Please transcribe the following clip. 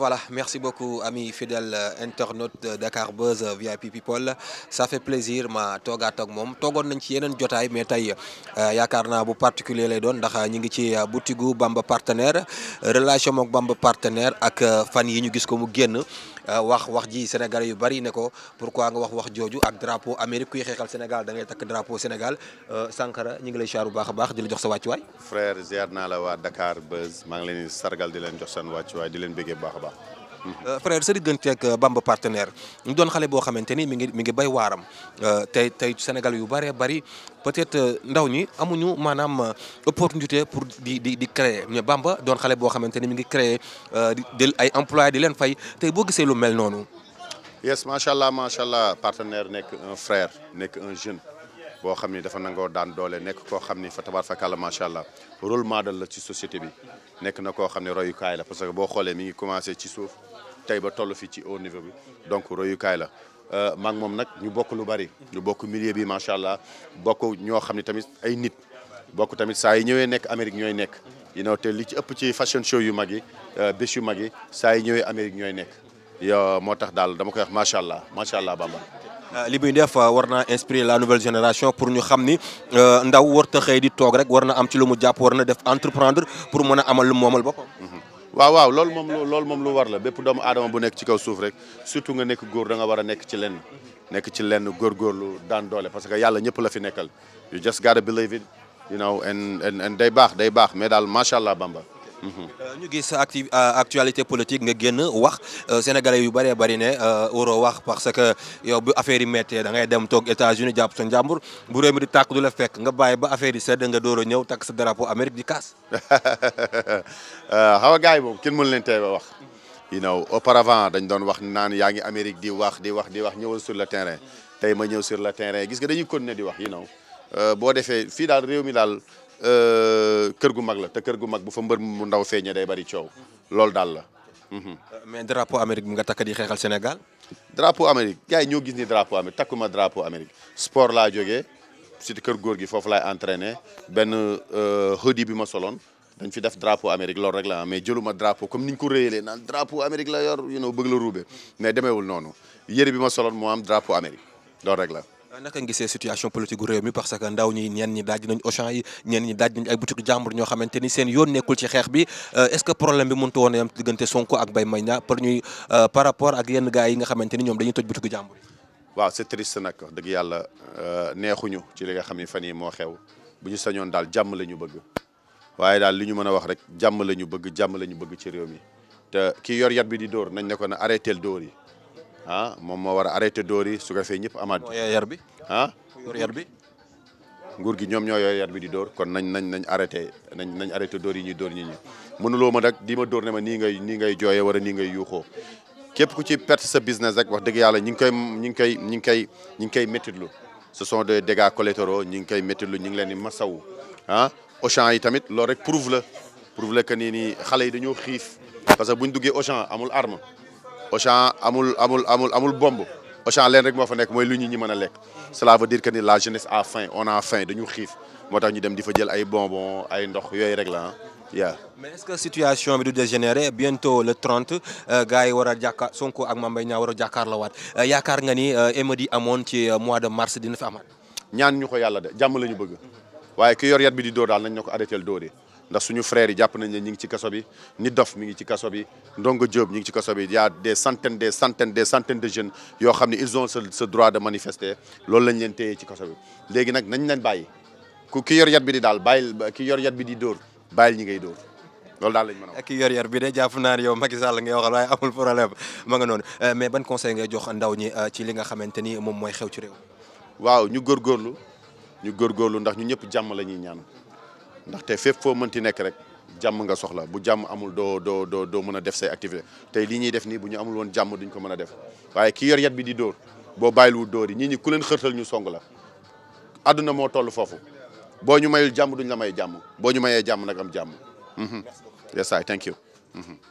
Voilà, merci beaucoup ami fidèles euh, internautes de Dakar Buzz euh, VIP People ça fait plaisir ma toogaat ak moom toogoon nañ ci yeneen jotaay mais tey euh, yaakaar naa bu particulier lay doon ndax ñu ngi ci boutique Bamba partenaire relation ak Bamba partenaire ak fan yi ñu gis ko mu génn Euh, wax wax ji Sénégal yu bari ne ko pourquoi nga wax wax jooju ak drapeau Amérique kuy xeexal Sénégal da ngay takk drapeau Sénégal euh, Sankara ñu ngi lay xaar bu baax baax di la jox sa wàccuwaay. frère ziar naa la waa Dakar Buzz maa ngi leen di sargal di leen jox seen wàccuwaay di leen bëggee bu baax a Euh, frère sa digganteeg euh, Bamba partenaire ñu doon xale boo xamante ni mu ngi mi ngi bay waaram euh, tey tey Sénégal yu bëree bari peut-être ndaw ñi amuñu maanaam opportunité pour di di di créer mais Bamba doon xale boo xamante ni mi ngi créer di ay employé di leen fay tey boo gisee lu mel noonu. yes macha allah macha allah partenaire nekk un frère nekk un jeune. boo xam ni dafa nangoo daan doole nekk koo xam ni fa tabaar fa kàlla macha allah rôle modèle la ci société bi nekk na koo xam ne royukaay la parce que boo xoolee mi ngi commencé ci suuf tey ba toll fii ci haut niveau bi donc royukaay la. Euh, maag moom nag ñu bokk lu bari. ñu bokk milieu bi macha allah bokk ñoo xam ne tamit ay nit bokk tamit saa yi ñëwee nekk Amérique ñooy nekk. you know li ci ëpp ci fashion yu mag yi euh, bés yu mag yi saa ñëwee Amérique ñooy nekk. yo moo tax daal dama koy wax macha allah macha allah bamba euh, li muy def euh, war naa inspirer la nouvelle génération pour ñu xam ni euh, ndaw warut a xëy di toog rek war na am ci lu mu jàpp war na def entreprendre pour mën a amal lu moomal boppam mhm. waaw lool loolu moom loolu moom lu war la bépp doomu aadama bu nekk ci kaw suuf rek surtout nga nekk góor danga nga war a nekk ci lenn nekk ci lenn góorgóorlu daan doole parce que yàlla ñëpp la fi nekkal you just gotta believe it you know and day baax day baax mais daal macha allah bamba Euh, ñu gis acti euh, actualité politique nga génn wax euh, sénégalais yu bëree bëri ne waroo wax parce que yow bu affaire yi méttee da ngay dem toog États-Unis jàpp sa njàmbur bu réew mi di tàkk du la fekk nga bàyyi ba affaire yi sedd nga door a ñëw takk sa drapeau Amérique di kaas. xaw a gars yi moom kenn mënu leen tey ba wax. you know auparavant dañ doon wax naan yaa ngi Amérique di wax di wax di wax ñëwal sur le terrain tey ma ñëw sur le terrain gis nga dañuy continuer di wax you naw boo kër gu mag la te kër gu mag bu fa mbër mu ndaw feeñee day bari coow loolu daal la. Mhm. mais drapeau Amérique mu nga takk di xeexal Sénégal. drapeau Amérique gars yi ñoo gis ni drapeau Amérique takkuma drapeau Amérique sport laa jógee si kër góor gi foofu laay entraîné benn euh, hoodie bi ma soloon dañ fi def drapeau Amérique lool rek la mais jëluma drapeau comme niñ ko réyalee naan drapeau Amérique la yor you know bëgg la ruube mais demewul noonu yëre bi ma soloon moo am drapeau Amérique loolu rek la. naka ngisee situation politique gu réew mi parce que ndaw ñi ñenn ñi daaj nañ Auchan yi ñenn ñi daaj nañ ay boutique jàmbur ñoo xamante ni seen yoon nekkul ci xeex bi euh, est-ce que problème bi mënut woon a yam diggante Sonko ak Baye Magna pour euh, par rapport ak yenn gars yi nga xamante ni ñoom dañuy toj boutique jàmbur yi waaw c'est triste nag wax dëgg yàlla euh, neexuñu ci li nga xam ne fan yi moo xew bu ñu sañoon daal jàmm la ñu bëgg waaye daal li ñu mën a wax rek jàmm ñu bëgg jàmm ñu bëgg ci réew mi te kii yor yat bi di dóor nañ ne ko na yi ah moom moo war a arrêté dóor yi su ko fee ñëpp amaat. moo bi ah. yor bi. nguur gi ñoom ñoo yor yar bi di door kon nañ nañ nañ arrêté nañ nañ arrêté dóor yi ñuy dóor ñi ñi mënuloo ma nag di ma dóor ne ma nii ngay nii ngay jooyee wala nii ngay yuuxoo képp ku ci perte sa business rek wax dëgg yàlla ñi ngi koy ñi ngi koy ñi ngi koy ñi ngi koy méttitlu ce sont des dégâts collatéraux ñi ngi koy méttitlu ñi ngi leen di masawu ah Auchan yi tamit loolu rek prouve la prouve la que nii nii xale yi dañoo xiif parce que buñ duggee Auchan amul arme Auchan amul amul amul amul bomb Auchan leen rek moo fa nekk mooy lu ñu ñi mën a lekk cela veut dire que ni la jeunesse a faim on a faim dañu xiif moo tax ñu dem di fa jël ay bonbon ay ndox yooy rek la ah, mais est-ce que situation bi du dégénérer bientôt le 30 euh, gars yi war a jàkkaar Sonko ak Mame Mbaye Niang a jàkkaar la waat euh, yaakaar nga ni émeutes euh, yi amoon ci mois de mars dina fi amaat ñaan ñu ko yàlla de jàmm la ñu bëgg waaye ki yor yat bi di dóor daal nañ na ko arrêté dóoree ndax suñu frères yi jàpp nañ ne ñi ngi ci kaso bi nit dof mi ngi ci kaso bi ndongo Diop ñi ngi ci kaso bi y a des centaines des centaines des centaines de jeunes yoo xam ne ils ont ce droit de manifester loolu lañ leen téyee ci kaso bi léegi nag nañ leen bàyyi ku ki yor yat bi di daal bàyyil ki yor yat bi di dóor bàyyil ñi ngay dóor loolu daal lañ mën a ki yor yar bi de jàpp naa ne yow Macky Sall ngay waxal waaye amul problème ma nga noonu euh, mais ban conseil ngay jox ndaw ñi euh, ci li nga xamante ni moom mooy xew ci réew waaw ñu góorgóorlu ñu góorgóorlu ndax ñu ñëpp jàmm la ñuy ñaan ndaxte fépp foo mënti nekk rek jàmm nga soxla bu jàmm amul doo doo doo doo mën a def say activité tey li ñuy def nii bu ñu amul woon jàmm duñ ko mën a def waaye ki yor yat bi di dóor boo bàyyiluwul dóor yi ñii ñi ku leen xërtal ñu song la àdduna moo toll foofu boo ñu mayul jàmm duñ la may jàmm boo ñu mayee jàmm nag am jàmm mhm. yes I thank you mhm.